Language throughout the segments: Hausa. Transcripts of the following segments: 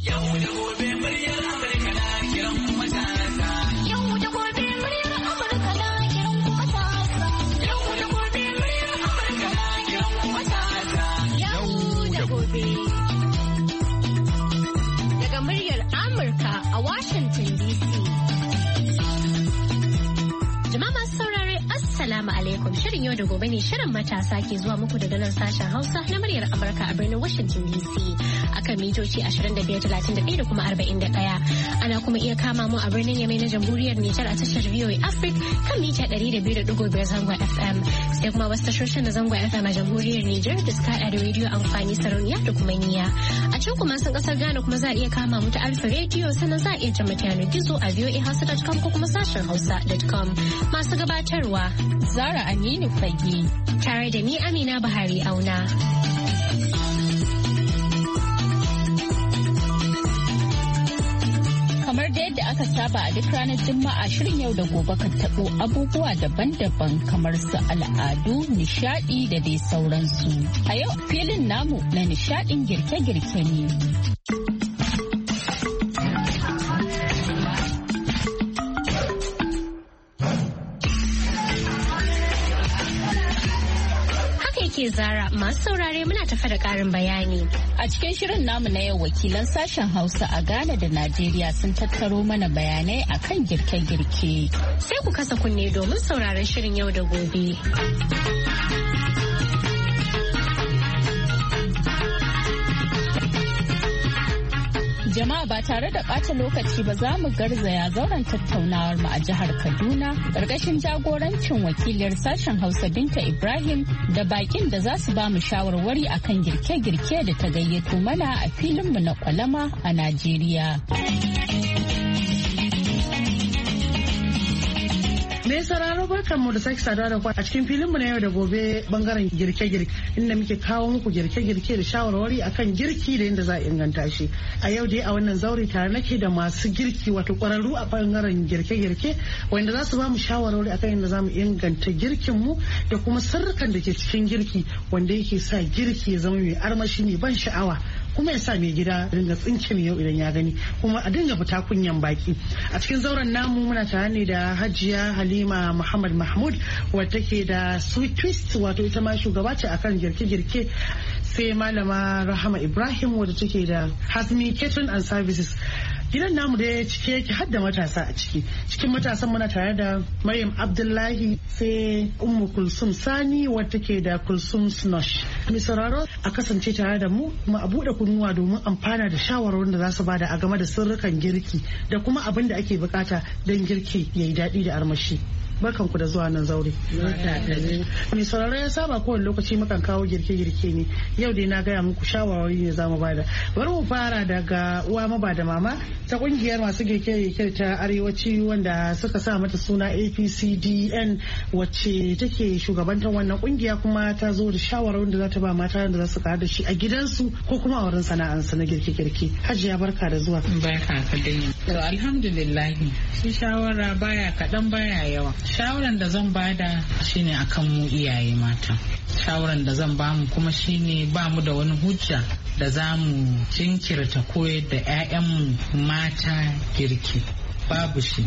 Yau da gobe murya. Shirin yau da gobe ne shirin matasa ke zuwa muku daga nan sashen Hausa na muryar Amurka a birnin Washington DC akan mitoci 2531 da kuma 41. Ana kuma iya kama mu a birnin Yamai na Jamhuriyar Nijar a tashar VOA Africa kan mita 200.5 zangon FM. Sai kuma wasu tashoshin da zangon FM a Jamhuriyar Nijar da suka da rediyo amfani sarauniya da kuma niya. A can kuma sun kasar Ghana kuma za a iya kama mu ta Alfa rediyo sannan za a iya jama yanar gizo a Hausa.com ko kuma sashen hausa.com. Masu gabatarwa Zara Aminu Fage tare da ni Amina Buhari Auna. Kamar da yadda aka saba a duk ranar Juma'a shirin yau da gobe kan taɓo abubuwa daban-daban kamar su al'adu, nishaɗi da dai sauransu. A yau filin namu na nishaɗin girke-girke ne. ke zara masu saurare muna tafa da karin bayani. A cikin shirin namu na yau wakilan sashen Hausa a Ghana da Najeriya sun tattaro mana bayanai akan girke-girke. Sai ku kasa kunne domin sauraron shirin yau da gobe. Jama'a ba tare da ɓata lokaci ba za mu garzaya zauren tattaunawar mu a jihar Kaduna ƙarƙashin jagorancin wakiliyar sashen Hausa Binta Ibrahim da baƙin da za su ba mu shawarwari akan girke-girke da ta gayyato mana a filin mu na kwalama a Najeriya. Me sararo barkan mu da sake saduwa da ku a cikin filinmu na yau da gobe bangaren girke-girke inda muke kawo muku girke-girke da shawarwari akan girki da yadda za a inganta shi. A yau dai a wannan zaure tare nake da masu girki wato kwararru a bangaren girke-girke wanda za su ba mu shawarwari akan yadda za mu inganta girkin mu da kuma sirrikan da ke cikin girki wanda yake sa girki ya zama mai armashi mai ban sha'awa kuma ya sa mai gida dinga tsinke yau idan ya gani kuma a dinga fita kunyan baki a cikin zauren namu muna tare ne da hajiya halima muhammad mahmud wadda take da sweet twist wato ita ma shugaba ce akan girke-girke sai malama rahama ibrahim wadda take da hazmi kitchen and services gidan namu da ya cike yake hadda matasa a ciki cikin matasan muna tare da maryam abdullahi sai ummu kulsum sani wadda ke da kulsum snosh mai a kasance tare da mu kuma a bude kunnuwa domin amfana da shawarwarin da za su bada a game da sirrukan girki da kuma abin da ake bukata don girki ya yi daɗi da armashi. barkan ku da zuwa nan zaure. Mai sauraro ya saba kowane lokaci mukan kawo girke-girke ne yau dai na gaya muku shawarwari ne zamu bada. Bari mu fara daga uwa maba da mama ta kungiyar masu girke-girke ta arewaci wanda suka sa mata suna APCDN wacce take shugabantar wannan kungiya kuma ta zo da shawarwarin da za ta ba mata da za su da shi a gidansu ko kuma a wurin sana'ansu na girke-girke. Hajiya barka da zuwa. Barka ka dai. To alhamdulillah shi shawara baya kaɗan baya yawa. shawaran da zan bada shine akan mu iyaye mata shawaran da zan bamu kuma shine bamu da wani hujja da za mu jinkirta koyar da 'ya'yanmu mata girki babu shi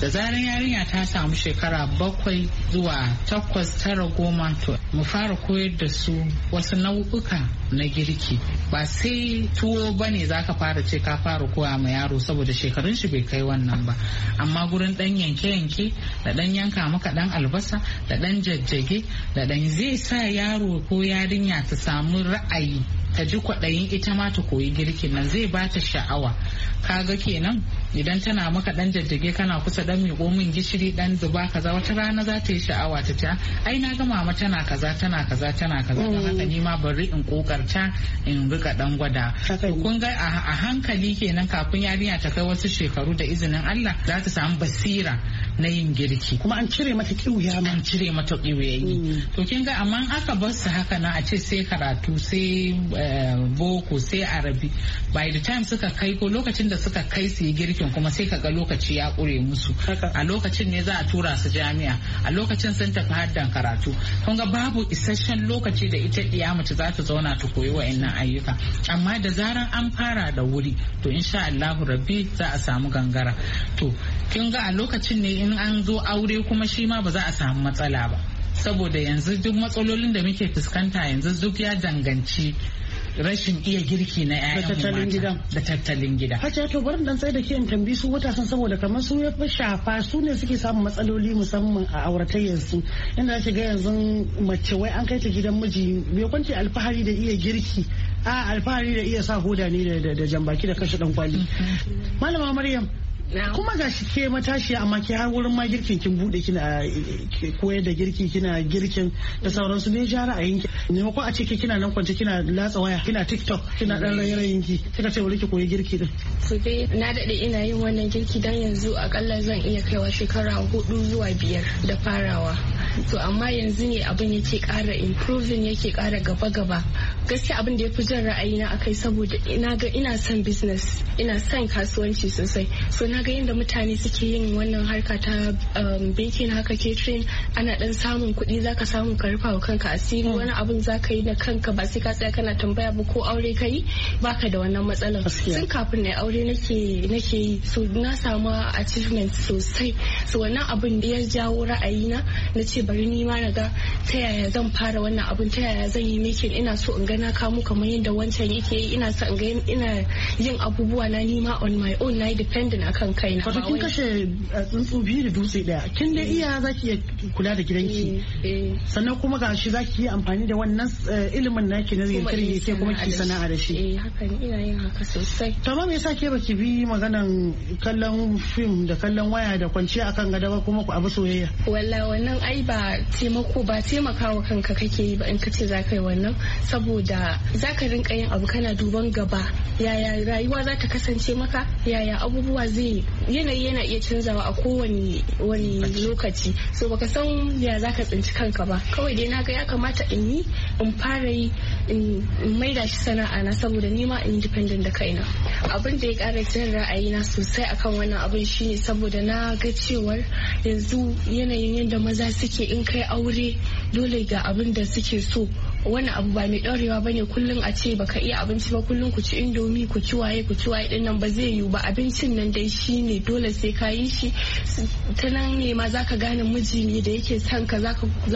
da zarar yarinya ta samu shekara bakwai zuwa takwas tara goma to mu fara koyar da su wasu nau'uka na girki ba sai tuwo ba ne za ka fara ce ka fara koya ma yaro saboda shekarun shi bai kai wannan ba amma gurin dan yanke-yanke da dan yanka maka dan albasa da dan jajjage da dan zai sa yaro ko yarinya ta samu ra'ayi ta ji kwaɗayin ita ma ta koyi girkin nan zai ba ta sha'awa kaga kenan idan tana maka ɗan jajjage kana kusa dan miƙo min gishiri dan zuba kaza wata rana za ta yi sha'awa ta ta ai na ga mama tana kaza tana kaza tana kaza don haka ni ma bari in kokarta in rika dan gwada kun ga a hankali kenan kafin yarinya ta kai wasu shekaru da izinin Allah za ta samu basira na yin girki kuma an cire mata kiwuya ma an cire mata yi. Mm. to kin ga amma aka bar su haka na a ce sai karatu sai Eh, boko sai a rabi by the time suka kai ko lokacin da suka kai su yi girkin kuma sai kaga lokaci ya kure musu a lokacin ne za a tura su jami'a a lokacin sun tafi haddan karatu kun ga babu isasshen lokaci da ita ɗiya mace za ta zauna ta koyi wa'annan ayyuka amma da zaran an fara da wuri to insha Allah rabbi za a samu gangara to kin ga a lokacin ne in an zo aure kuma shi ma ba za a samu matsala ba saboda yanzu duk matsalolin da muke fuskanta yanzu duk ya danganci rashin iya girki na ƴaƴan da tattalin gida da tattalin gida hajja to bari dan tsaye da ke tambi su wata san saboda kamar su ya fi shafa su ne suke samun matsaloli musamman a auratayyar su inda ake ga yanzu mace wai an kai ta gidan miji bai kwanci alfahari da iya girki a alfahari da iya sa hoda ne da jambaki da kashe dan kwali mm-hmm. malama maryam kuma ga shi ke matashi amma ke har wurin ma girkin kin bude kina koyar da girki kina girkin da sauransu ne jara a ki ne ko a ce ke kina nan kwance kina latsa waya kina tiktok kina dan mm. rayuwar ki kika ce wuri ki koyi girki din to na dade ina yin wannan girki dan yanzu akalla zan iya kaiwa shekara hudu zuwa biyar da farawa to amma yanzu ne abin yake kara improving yake kara gaba gaba gaskiya abin da ya fi ra'ayi ra'ayina akai saboda ina ga ina son business ina son kasuwanci sosai so na ga yadda mutane suke yin wannan harka ta um, baking haka catering ana dan samun kuɗi zaka samu ka rufa wa kanka asiri wani abin zaka yi na kanka ba sai ka tsaya kana tambaya ba ko aure ka yi baka da wannan matsalar sun kafin na aure nake nake yi so na samu achievement sosai so wannan abin da ya jawo ra'ayina na ce bari ni ma na ga ta yaya zan fara wannan abun ta yaya zan yi mikin ina so in ga ka mu kamar yadda wancan yake yi ina so in ga ina yin abubuwa na ni ma on my own na dependent akan kaina na. kin kashe eh, tsuntsu biyu da dutse daya kin da iya zaki iya kula da gidanki eh, eh. sannan kuma ga za zaki yi amfani da wannan ilimin na ki na yankari ke kuma ki sana'a da shi eh hakan ina yin haka sosai to ba me yasa ke baki bi maganan kallon fim da kallon waya da kwanciya akan gada ba kuma ku abu soyayya wallahi wannan ai ba taimako ba taimakawa kanka kake yi ba in ka ce za ka yi wannan saboda za ka rinka yin abu kana duban gaba yaya rayuwa za ta kasance maka yaya abubuwa zai yanayi yana iya canzawa a kowane wani lokaci so baka san ya za ka tsinci kanka ba kawai dai naga ya kamata in yi in fara yi in maida shi sana'a na saboda nima independent da kaina abin da ya kara jin na sosai akan wannan abin shine saboda na ga cewar yanzu yanayin yadda maza suke ce in kai aure dole ga abin da suke so wani abu ba mai ɗorewa ba ne kullum a ce baka iya abinci ba kullum ku ci indomi ku ci waye ku ci waye dinnan ba zai yiwu ba abincin nan dai shi ne dole sai ka yi shi ta nan ne ma ka gane miji ne da yake son ka za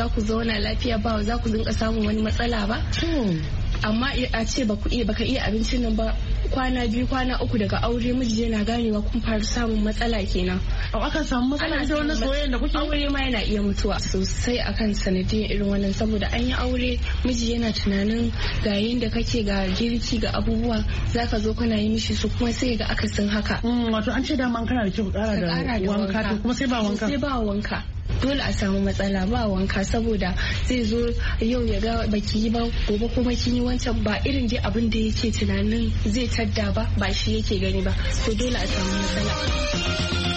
ku zauna lafiya ba za ku dinka samun wani matsala ba hmm. amma a ce baka iya abincin nan ba kwana biyu kwana uku daga aure miji yana ganewa kun fara samun matsala kenan aka samu matsala ita wannan soyayya da kuke aure ma yana iya mutuwa sosai akan sanadiyar irin wannan saboda an yi aure miji yana tunanin ga yanda kake ga girki ga abubuwa zaka zo kana yi mishi su kuma sai ga akasin haka mm, wato an ce daman kana da kyau kara da wanka kuma sai ba wanka sai ba wanka dole a samu matsala ba wanka saboda zai zo yau ya ga baki ba gobe kuma kin wancan ba irin dai abin da yake tunanin zai tadda ba ba shi yake gani ba to dole a samu matsala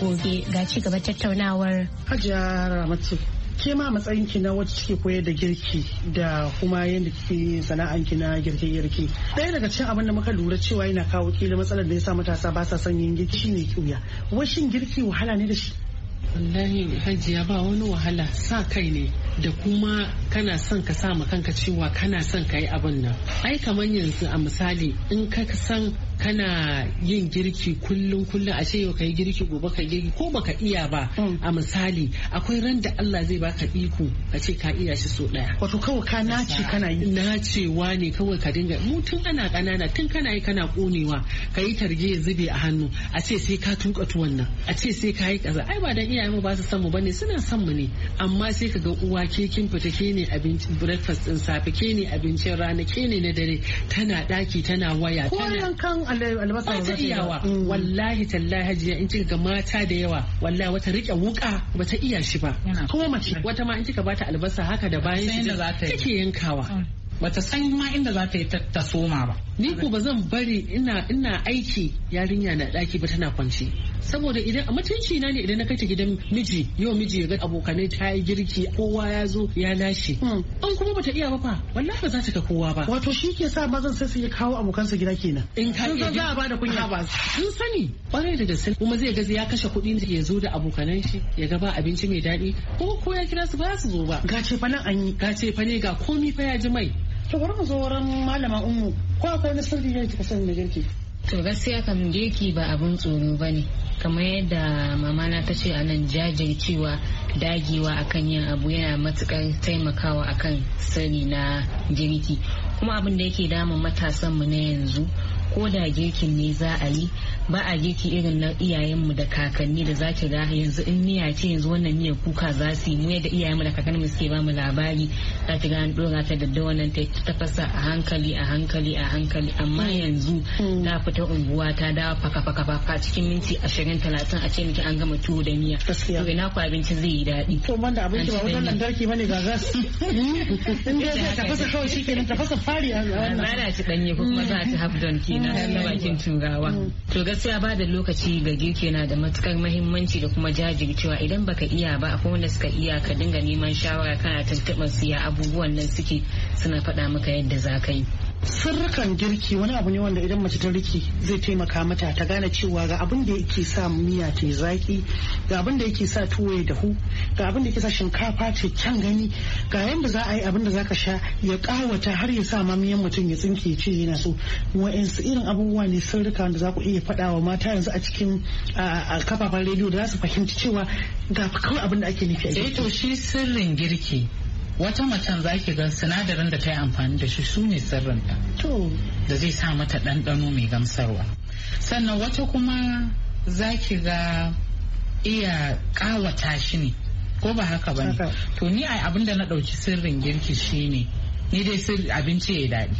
gobe ga ci gaba tattaunawar. Hajiya Ramatu, ke ma matsayin ki na wacce kike koyar da girki da kuma yadda kike sana'an na girke-girke. Ɗaya daga cikin abin da muka lura cewa yana kawo kila matsalar da ya sa matasa ba sa son yin girki ne kiwuya. Washin girki wahala ne da shi. Wallahi hajiya ba wani wahala sa kai ne da kuma kana son ka ma kanka cewa kana son ka yi abin nan. Ai kamar yanzu a misali in ka san kana yin girki kullum kullum a ce yau ka yi girki gobe ka girki ko baka iya ba mm. a misali akwai ran da Allah zai baka iko a ce ka iya shi so daya wato kawai ka nace kana yi nacewa ne kawai ka dinga mu tun ana kanana tun kana yi kana konewa ka yi targe zube a hannu a ce sai ka tuka tuwon nan a ce sai ka yi kaza ai ba dan iyayen mu ba su san mu bane suna san mu ne amma sai ka ga uwa ke kin fita ke ne abincin breakfast din safe ke ne abincin rana ke ne na dare tana daki tana waya tana albasa ba ta iyawa mm. wallahi tallahi hajiya in cika ga mata da yawa wallahi wata rike wuka ba ta iya shi ba kuma mace wata ma in cika bata albasa haka da bayan shi take yankawa mm. bata san ma inda za ta yi ta soma ba. Ni ko ba zan bari ina ina aiki yarinya na daki ba tana kwance. saboda idan a mutunci na ne idan na kai ta gidan miji yau miji ya ga abokanai ta yi girki kowa ya zo ya lashe an hmm. kuma bata iya ba fa wallahi ba za ta ga kowa ba wato shi ke sa mazan sai su ya kawo abokansa gida kenan in ka iya za a bada kunya ba sun sani kwarai da gaske kuma zai ga ya kashe kuɗi ya zo da abokanan shi ya ga ba abinci mai daɗi ko ko ya kira su ba su zo ba ce fa nan an yi Ga ce fa ne ga komi fa ya ji mai to bari mu zo wurin malama ummu ko akwai wani sirri ne ta sani na girki to gaskiya kam girki ba abin tsoro ba ne kamar yadda mamana ta ce a nan jajircewa dagewa akan yin abu yana matukar taimakawa akan sani na girki kuma abin da yake damun matasanmu na yanzu ko da girkin ne za a yi ba a girki irin na iyayenmu da kakanni da za ki ga yanzu in miya ce yanzu wannan miyar kuka za su yi mu yadda iyayenmu da kakanni suke ba mu labari za ki ga an dora ta da wannan ta tafasa a hankali a hankali a hankali amma mm. yanzu na mm. fita unguwa ta dawa faka faka faka cikin minti ashirin talatin a ce miki an gama tuwo da miya to ina ku abinci zai yi daɗi. to man da abinci ba wannan lantarki ne ga gas in dai zai tafasa kawai shi kenan tafasa fari a wannan. na ci ɗanye ko kuma za a ci hafdon ke na bakin turawa mm. to gaskiya ba da lokaci ga girki yana da matukar mahimmanci da kuma jajircewa idan baka iya ba akwai wanda suka iya ka dinga neman shawara kana tuntuɓar siya abubuwan nan suke suna faɗa maka yadda za ka yi sirrukan girki wani abu ne wanda idan mace ta riki zai taimaka mata ta gane cewa ga abin da yake sa miya ta yi zaki ga abin da yake sa tuwo ya dahu ga abin da yake sa shinkafa ta kyan gani ga yanda za a yi abin da zaka sha ya kawata har ya sa ma miyan mutum ya tsinke ce yana so wa'ansu irin abubuwa ne sirrukan da za ku iya faɗa wa mata yanzu a cikin kafafen rediyo da za su fahimci cewa ga kawai abin da ake nufi a girki. Eh shi sirrin girki wata macen za ki ga sinadarin da ta yi amfani da shi su ne sirrinta to da zai sa mata ɗanɗano mai gamsarwa sannan wata kuma za ki ga iya ƙawata shi ne ko ba haka ba ne to ni a abin da na ɗauki sirrin girki shi ne ni dai abinci ya yi daɗi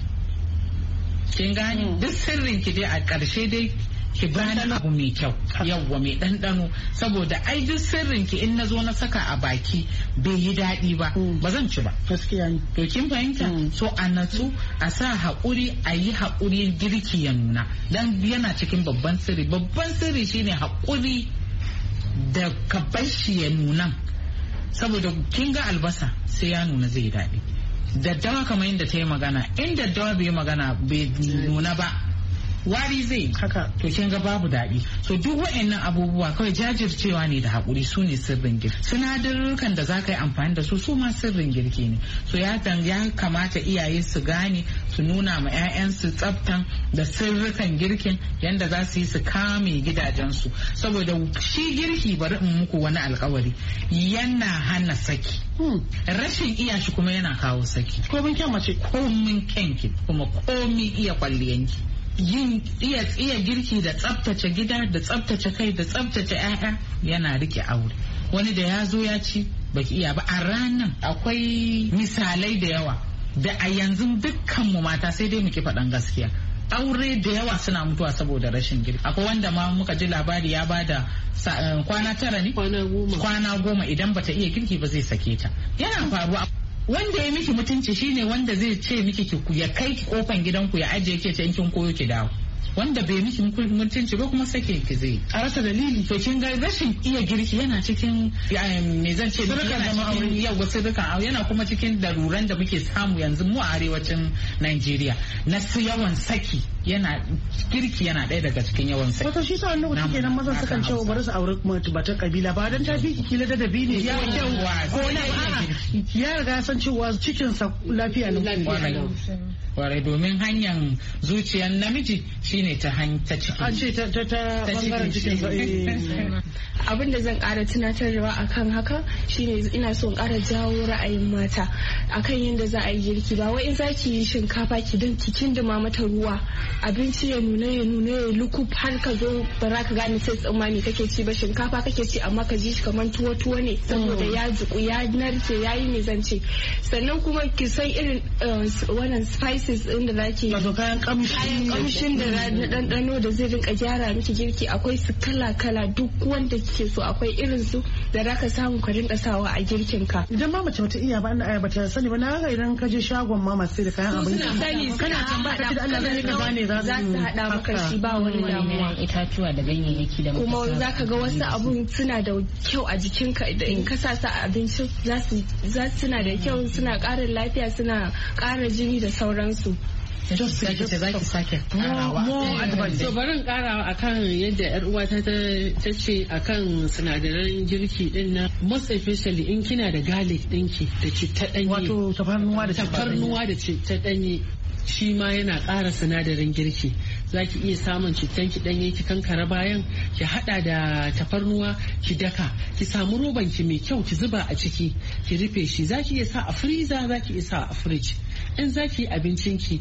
kin gani mm. duk sirrin ki dai a ƙarshe dai ki bani abu mai kyau yawwa mai ɗanɗano saboda ai duk sirrin ki in nazo na saka a baki bai yi daɗi ba ba zan ci ba gaskiya ne to kin fahimta mm. so a natsu a sa haƙuri a yi haƙuri girki ya nuna dan yana cikin babban sirri babban sirri shine haƙuri da ka shi ya nuna saboda kin ga albasa sai ya nuna zai daɗi daddawa kamar yadda ta yi magana in daddawa bai magana bai nuna ba wari zai haka to kin ga babu daɗi so duk waɗannan abubuwa kawai jajircewa ne da haƙuri su ne sirrin girki sinadarurrukan da za ka yi amfani da su su ma sirrin girki ne so ya ya kamata iyaye su gane su nuna ma 'ya'yansu tsaftan da sirrukan girkin yanda za su yi su kame gidajensu saboda shi girki bari in muku wani alƙawari yana hana saki hmm. rashin iya shi kuma yana kawo saki komin kyan mace komin kyanki kuma komi iya kwalliyanki yin iya iya girki da tsabtace gida da tsabtace kai da tsabtace 'ya'ya yana rike aure wani da ya zo ya ci baki iya ba a ranar akwai misalai da yawa da a yanzu dukkanmu mata sai dai muke faɗan gaskiya aure da yawa suna mutuwa saboda rashin girki akwai wanda ma muka ji labari ya bada eh, kwana tara ne kwana goma idan bata iya girki ba zai sake ta yana faruwa wanda ya miki mutunci shine wanda zai ce miki ki ya kai ki kofan gidanku ya ajiye ke ta kin koyo ki dawo wanda bai miki mutunci ba kuma sake ki zai a rasa dalili to kin ga rashin iya girki yana cikin me zan ce yawa sirrikan yana kuma cikin daruran da muke samu yanzu mu a arewacin Najeriya na su yawan saki yana kirki yana ɗaya daga cikin yawan sai. Wato shi sa wani lokaci kenan mazan sukan cewa bari su aure ba ta kabila ba dan ta fi kila da dabi ne ya kyau ko na ya riga san cewa cikin sa lafiya ne. Kwarai domin hanyar zuciyar namiji shine ta ta ciki. An ce ta ta ta bangaren cikin sa. Eh. Abin da zan ƙara tunatarwa akan haka shine ina so in ƙara jawo ra'ayin mata akan yadda za a yi girki ba wai in za ki yi shinkafa ki dan ki kindima mata ruwa abinci ya nuna ya nuna ya lukub har ka zo ba za ka gane sai tsammani kake ci ba shinkafa kake ci amma ka ji shi kamar tuwo tuwo ne saboda ya jiku ya narke ya yi ne zance sannan kuma ki san irin eh, wannan spices din da zaki wato kayan kamshi da na dandano da zai rinka gyara miki girki akwai su kala kala duk wanda kike so akwai irin su da za ka samu ka rinka sawa a girkin ka idan mama ce wata iya ba ina ba ta sani ba na ga idan ka je shagon mama sai da kayan abinci kana tambaya da Allah zai ka gane ne za su haɗa maka shi ba wani damuwa itatuwa da ganyayyaki da kuma za ka ga wasu abun suna da kyau a jikinka in ka sa a abincin za su suna da kyau suna ƙarin lafiya suna ƙara jini da sauransu just like ita zaki sake karawa so eh. barin karawa akan yadda yar ta ce akan sinadaran girki din na most especially in kina da garlic dinki da ta danye wato tafarnuwa da ta danye shi ma yana ƙara sinadarin girki za ki iya samun cittan ki ɗanye ki kankara bayan ki haɗa da tafarnuwa ki daka ki samu roban ki mai kyau ki zuba a ciki ki rufe shi za ki iya sa a firiza za ki iya sa a firij in za ki yi abincin ki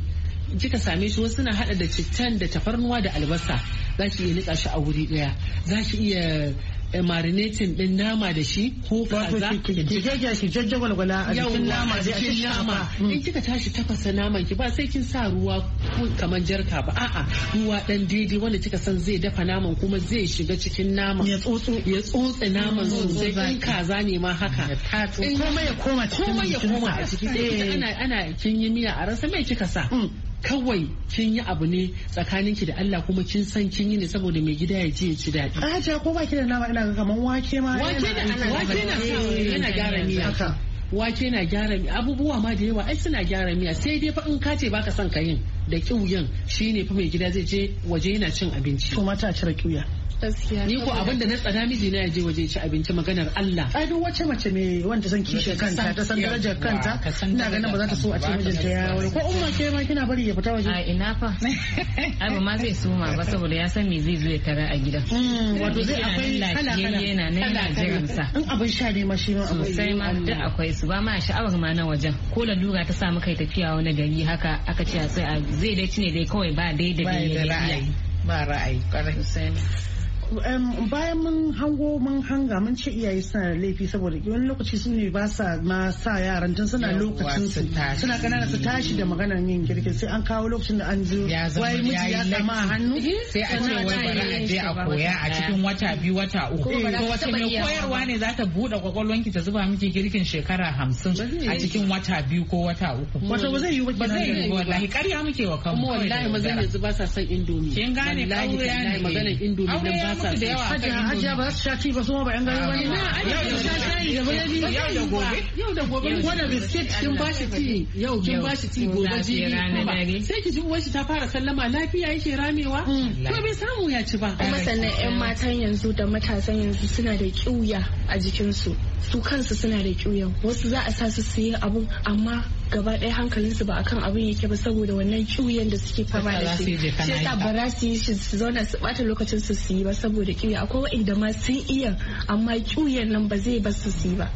kika same shi wasu na haɗa da cittan da tafarnuwa da albasa za ki iya niƙa shi a wuri ɗaya za ki iya Eh, marinating din nama da shi ko kaza ki jajja shi jajjagwalgwala a cikin nama a cikin nama in mm. kika tashi tafasa naman ki ba sai kin sa ruwa ko kamar jarka ba a'a ruwa dan daidai wanda kika san zai dafa naman kuma zai shiga cikin naman ya tsotso ya tsotse naman mm, sosai in kaza ne ma haka komai ya koma cikin komai ya koma a ciki eh. ana ana kin yi miya a rasa mai kika sa mm. kawai kin yi abu ne tsakaninki da Allah kuma kin san kin yi ne saboda mai gida ya ji ya ci daɗi. Aja ko ba da nama ina ga kaman wake ma. Wake na wake na eh, yana gyara eh, miya. Wake na gyara miya abubuwa ma da yawa ai suna gyara miya sai dai fa in ka ce baka son ka yin da kiuyan shine fa mai gida zai je waje yana cin abinci. To mata cire kiuya. ni ko abin da na tsana miji na yaje waje ci abinci maganar Allah ai duk wace mace ne wanda san kishin kanta ta san darajar kanta ina ganin ba za ta so a ce mijinta ya wani ko umma ke ma kina bari ya fita waje Ai ina fa ai ba ma zai so ma ba saboda ya san me zai zo ya tara a gida. Mm, wato zai akwai kala kala yana ne yana jiran sa in abin sha ne ma shi ma abin sai ma duk akwai su ba ma sha'awar ma na wajen ko lalura ta sa kai tafiya wani gari haka aka ce sai zai dai cine dai kawai ba dai da ba ra'ayi ba ra'ayi sai bayan mun hango mun hanga mun ce iyaye suna da laifi saboda wani lokaci su ne ba sa ma sa yaran tun suna lokacin su suna kanana su tashi da maganar yin girki sai an kawo lokacin da an zo wai miji ya sama a hannu sai a ce wai bari a je a koya a cikin wata biyu wata uku ko eh, wata mai koyarwa ne za ta buɗe kwakwalwan ki ta zuba miki girkin shekara hamsin a cikin wata biyu ko wata uku wato ba zai yi ba zai yi wallahi ƙarya muke wa kanmu wallahi ba zai yi ba sa son indomi kin gane kauya ne maganar indomi ba mutu da yawa hajiya ba za su sha ci ba su ma ba gari wani na ajiya sha shayi da biredi yau da gobe yau da gobe ko da biskit kin ba shi ci yau kin ba shi ci gobe jibi sai ki ji uwar shi ta fara sallama lafiya yake ramewa ko bai samu ya ci ba kuma sannan yan matan yanzu da matasan yanzu suna da kiuya a jikinsu su kansu suna da kiuya wasu za a sa su su yi abun amma gaba ɗaya hankalinsu ba akan abin yake ba saboda wannan kiwuyen da suke fama da shi shi yasa ba za su yi su zauna su ɓata lokacin su su yi ba saboda kiwuya akwai wa'inda ma sun iya amma kiwuyen nan ba zai ba su su yi ba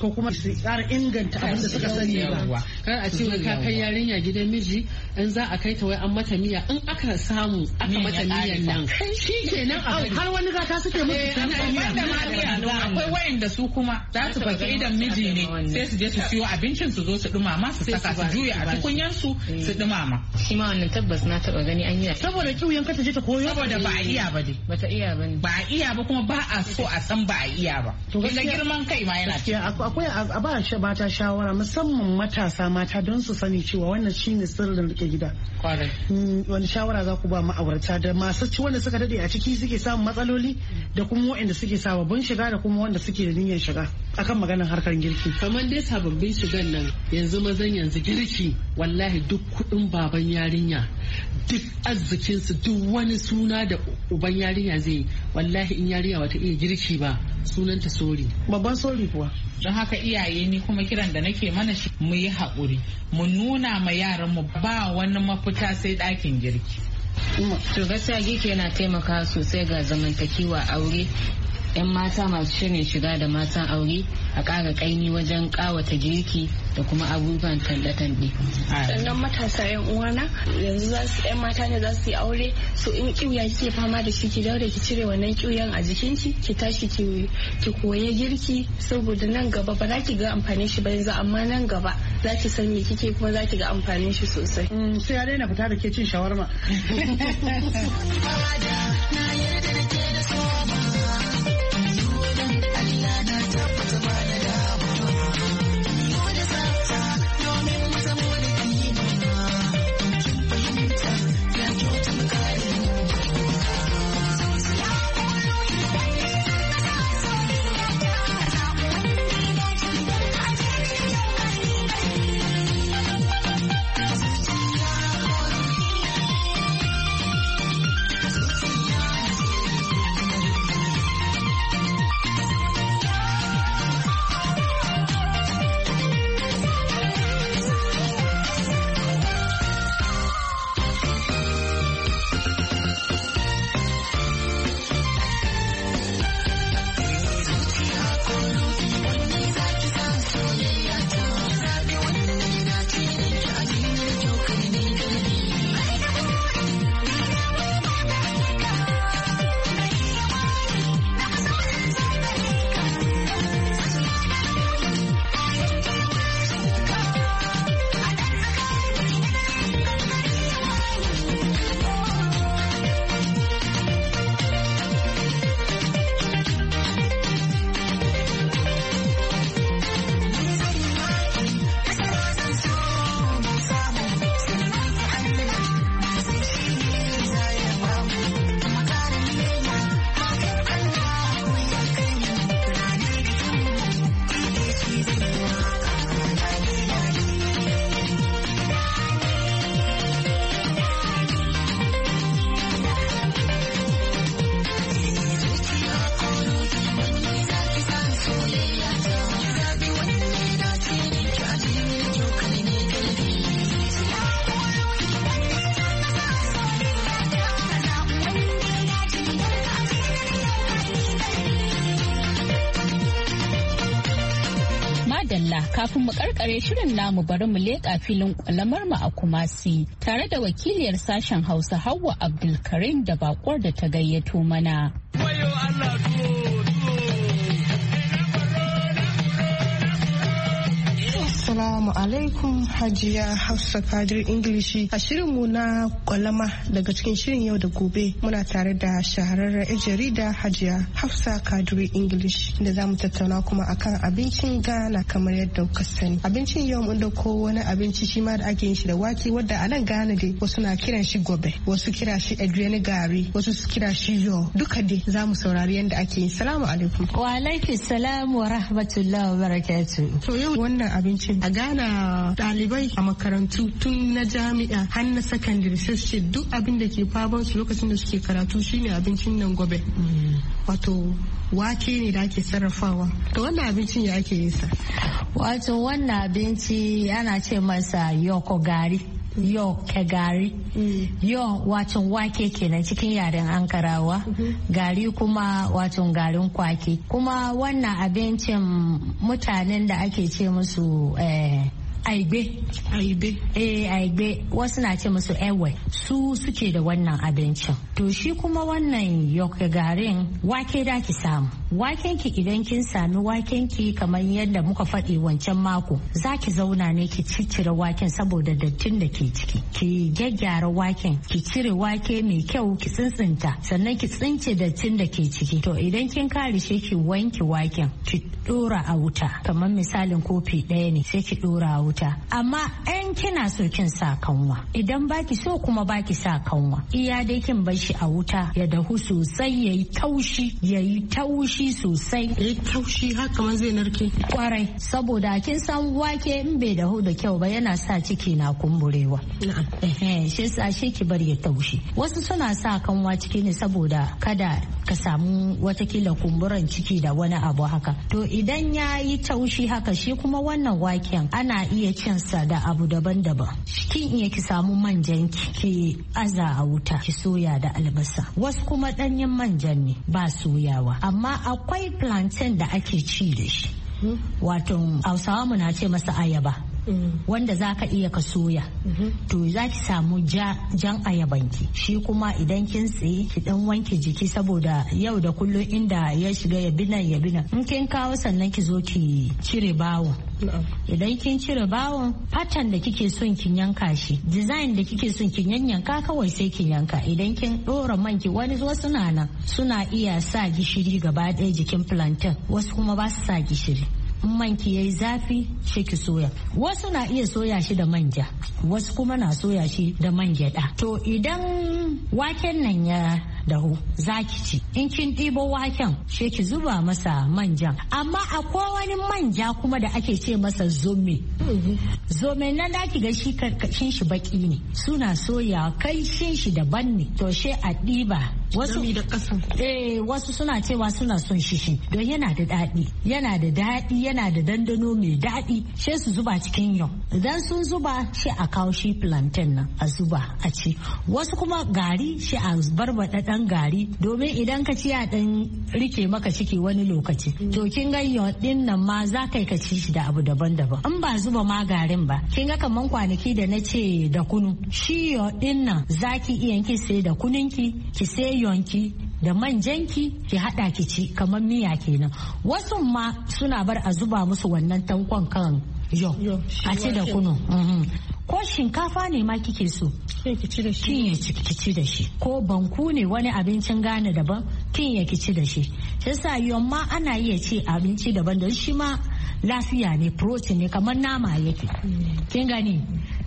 ko kuma su tsara inganta abin da suka sani ba kar a ce ka kai yarinya gidan miji in za a kai ta wai an mata miya in aka samu aka mata miya nan shi kenan har wani gata suke mutu ta eh, akwai wayan da su kuma za su faki idan miji ne sai su je su siyo abincin su zo su dumama su saka su juya a tukunyan su su dumama eh. shi ma wannan tabbas na taba gani an yi saboda kiwon ka ta je ta koyo saboda ba a eh. iya ba dai bata iya ba ba a iya ba kuma ba a so a san ba a iya ba to girman kai ma yana akwai a ba shi mata shawara musamman matasa mata don su sani cewa wannan shine sirrin rike gida mm, wani shawara za ku ba ma'aurata da masu ci wanda suka dade a ciki suke samun matsaloli da kuma waɗanda suke sababbin shiga da kuma wanda suke da niyyar shiga akan maganar harkar girki kamar dai sababbin shigan nan yanzu mazan yanzu girki wallahi duk kuɗin baban yarinya duk arzikinsu duk wani suna da uban yarinya zai wallahi in yarinya wata iya girki ba sunanta sori babban sori kuwa don haka iyaye ni kuma kiran da nake mana shi mu yi haƙuri mu nuna ma yaran mu ba wani mafita sai ɗakin girki to gaskiya gike yana taimaka sosai ga zamantakewa aure 'yan mata masu shirin shiga da matan aure a kara kaini wajen kawata girki da kuma abubuwan tanɗe-tanɗe. sannan matasa 'yan uwana yanzu 'yan mata ne za su yi aure so in ƙiuya kike fama da shi ki daure ki cire wannan ƙiuyan a jikin ki ki tashi ki koya girki saboda nan gaba ba za ki ga amfanin shi ba yanzu amma nan gaba za ki san me kike kuma za ki ga amfanin shi sosai. Mm, sai ya daina fita da ke cin shawarma. Kafin mu karkare shirin namu bari mu leƙa filin kwalamar mu a Kumasi tare da wakiliyar sashen Hausa Hauwa Abdulkarim da bakwar da ta gayyato mana. Assalamu alaikum Hajiya Hafsa Kadir Ingilishi. A shirinmu na kwalama daga cikin shirin yau da gobe muna tare da shahararra yan jarida Hajiya Hafsa Kadir ingilishi da za mu tattauna kuma akan abincin Ghana kamar yadda ka sani. Abincin yau mun dauko wani abinci shi ma da ake yin shi da wake wadda a nan Ghana dai wasu na kiran shi gobe, wasu kira shi Adrian Gari, wasu su kira shi yo. Duka dai za mu saurari yadda ake yin. Salamu alaikum. Wa alaikum salam wa rahmatullahi wa barakatuh. To yau wannan abincin a Ghana ana ɗalibai a makarantu tun na jami'a har na sakandare sai duk abin da ke faban su lokacin da suke karatu shine abincin nan gobe wato wake ne da ake sarrafawa to wannan abincin ya ake yi sa wato wannan abinci ana ce masa yoko gari yo gari mm. yo wacin wake kenan cikin yaren ankarawa mm-hmm. gari kuma wacin garin kwaki kuma wannan abincin mutanen da ake ce musu eh, aigbe aigbe eh aigbe wasu na ce musu ewe eh, su suke da wannan abincin to shi kuma wannan yoke garin wake da ki samu waken ki idan kin sami waken ki kamar yadda muka faɗi wancan mako za ki zauna ne ki ciccire waken saboda dattin da ke ciki ki gyaggyara waken ki cire wake mai kyau ki tsintsinta sannan ki tsince dattin da ke ciki to idan kin kare shi ki wanke waken ki dora a wuta kamar misalin kofi ɗaya ne sai ki dora a wuta amma ɗan kina so kin sa kanwa idan baki so kuma baki sa kanwa iya dai kin bar shi a wuta ya dahu sosai yayi taushi yayi taushi sosai yayi taushi har kamar zai narke kwarai saboda kin san wake in bai dahu da kyau ba yana sa ciki na kumburewa shi sa shi ki bari ya taushi wasu suna sa kanwa ciki ne saboda kada ka samu watakila kumburan ciki da wani abu haka to idan ya yi taushi haka shi kuma wannan waken ana iya cinsa da abu daban-daban kin iya ki samu manjan ki aza a wuta ki soya da albasa wasu kuma ɗanyen manjan ne ba soyawa amma akwai plantain da ake ci da shi wato hausawa mu na ce masa ayaba Mm-hmm. wanda za ka iya ka soya mm-hmm. to za ki samu jan ayabanki shi kuma idan kin tsaye ki dan wanke jiki saboda yau da kullum inda ya shiga ya bina ya bina in kin kawo sannan ki zo ki cire bawon idan kin cire bawon fatan da kike son kin yanka shi design da kike son kin yanyanka kawai sai kin yanka idan kin dora manki wani wasu na nan suna iya sa gishiri gaba ɗaya jikin plantain wasu kuma ba su sa gishiri man ki yayi zafi shi ki soya wasu na iya soya shi da manja wasu kuma na soya shi da man gyada to idan waken nan ya dahu za ki ci in kin ɗibo waken she ki zuba masa manjan amma akwai wani manja kuma da ake ce masa zome zome nan da ki ga shi karkashin shi baki ne suna soya kai shin shi daban ne to a ɗiba wasu da eh, wasu suna cewa suna son shishi don yana da daɗi yana da daɗi yana da dandano mai daɗi sai su zuba cikin yau idan sun zuba shi a kawo shi plantain nan a zuba a ci wasu kuma gari shi a barbada dan gari domin idan ka ci a dan rike maka ciki wani lokaci to kin ga din nan ma za kai ka ci shi da abu daban-daban in ba zuba ma garin ba kin ga kaman kwanaki da na ce da kunu shi din nan zaki iya ki sai da kunun ki ki sai ki da manjanki ki hada ki ci kamar miya kenan wasu ma suna bar a zuba musu wannan tankon kan yo a ce da kunu mhm. ko shinkafa ne ma kike so kin ya ci da shi ko banku ne wani abincin gane daban kin ya ci da shi shi sa ma ana iya ce abinci daban don shi ma lafiya ne protein ne kamar nama yake mm. kin gani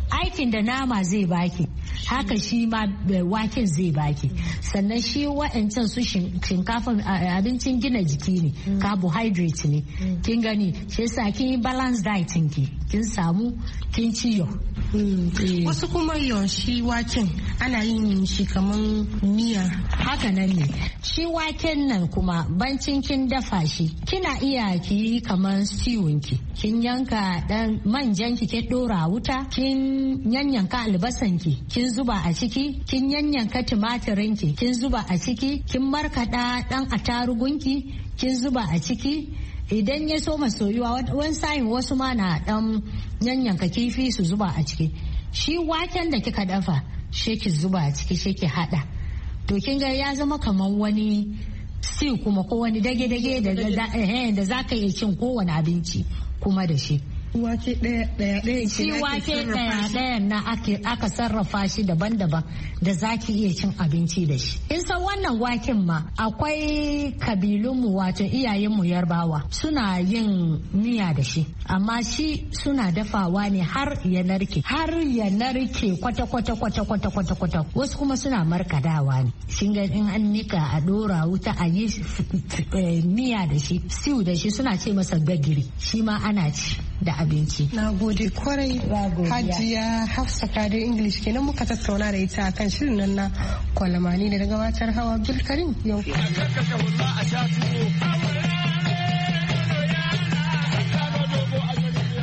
aikin da nama zai baki haka shi ma eh, waken zai baki sannan shi wa'ancan su shinkafin eh, abincin gina jiki ne mm. carbohydrate ne mm. kin gani shi yasa kin yi balance diet ki kin samu kin ciyo Mm, mm. wasu kuma yawanci waken ana yin shi kamar miya haka nan ne shi waken nan kuma bancin kin dafa shi kina iya ki yi kamar stewin ki kin yanka dan manjan ki ke dora wuta kin yanyanka albasan ki kin zuba a ciki kin yanyanka tumatirin ki kin zuba a ciki kin markada dan atarugunki ki kin zuba a ciki idan ya soma soyuwa wani sayin wasu ma na dan yanyanka kifi su zuba a ciki shi waken da kika dafa sheki zuba a ciki sheki hada to kin ga ya zama kamar wani stew kuma ko wani dage-dage da eh, za ka iya cin kowane abinci kuma da shi wake ɗaya ɗaya shi wake ɗaya ɗaya na aka sarrafa shi daban-daban da zaki iya cin abinci da shi in san wannan waken ma akwai kabilunmu wato iyayenmu yarbawa suna yin miya da shi amma shi suna dafawa ne har ya narke har ya narke kwata-kwata kwata-kwata kwata-kwata wasu kuma suna markadawa ne shin in an nika a dora wuta a yi eh, miya da shi stew da shi suna ce masa gagiri shi ma ana ci da abinci. Na gode kwarai Hajiya Hafsa Kado English kenan muka tattauna da ita akan shirin nan na kwalamani da gabatar hawa Abdulkarim yau.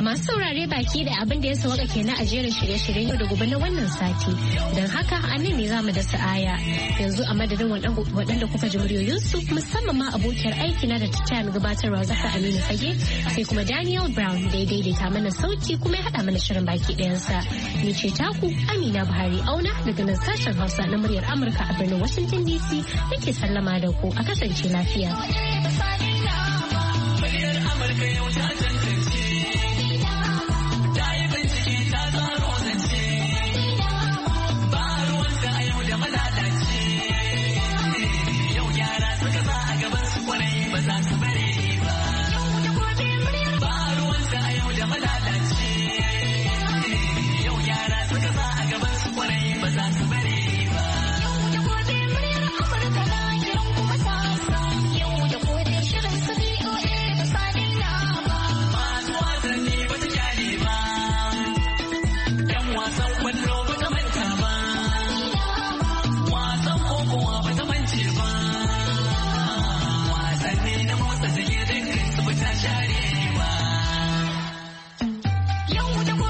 Masu saurare baki da abin da ya sawaka kenan a jerin shirye-shiryen yau da gobe na wannan sati. Don haka a nan ne mu da sa'aya. Yanzu a madadin waɗanda kuka ji yusuf musamman ma abokiyar aiki na da ta gabatarwa zaka Aminu Fage sai kuma Daniel Brown da ta mana sauki kuma ya haɗa mana shirin baki ɗayansa. Ni ce taku Amina Buhari Auna daga nan sashen Hausa na muryar Amurka a birnin Washington DC nake sallama da ku a kasance lafiya. Amurka yau ta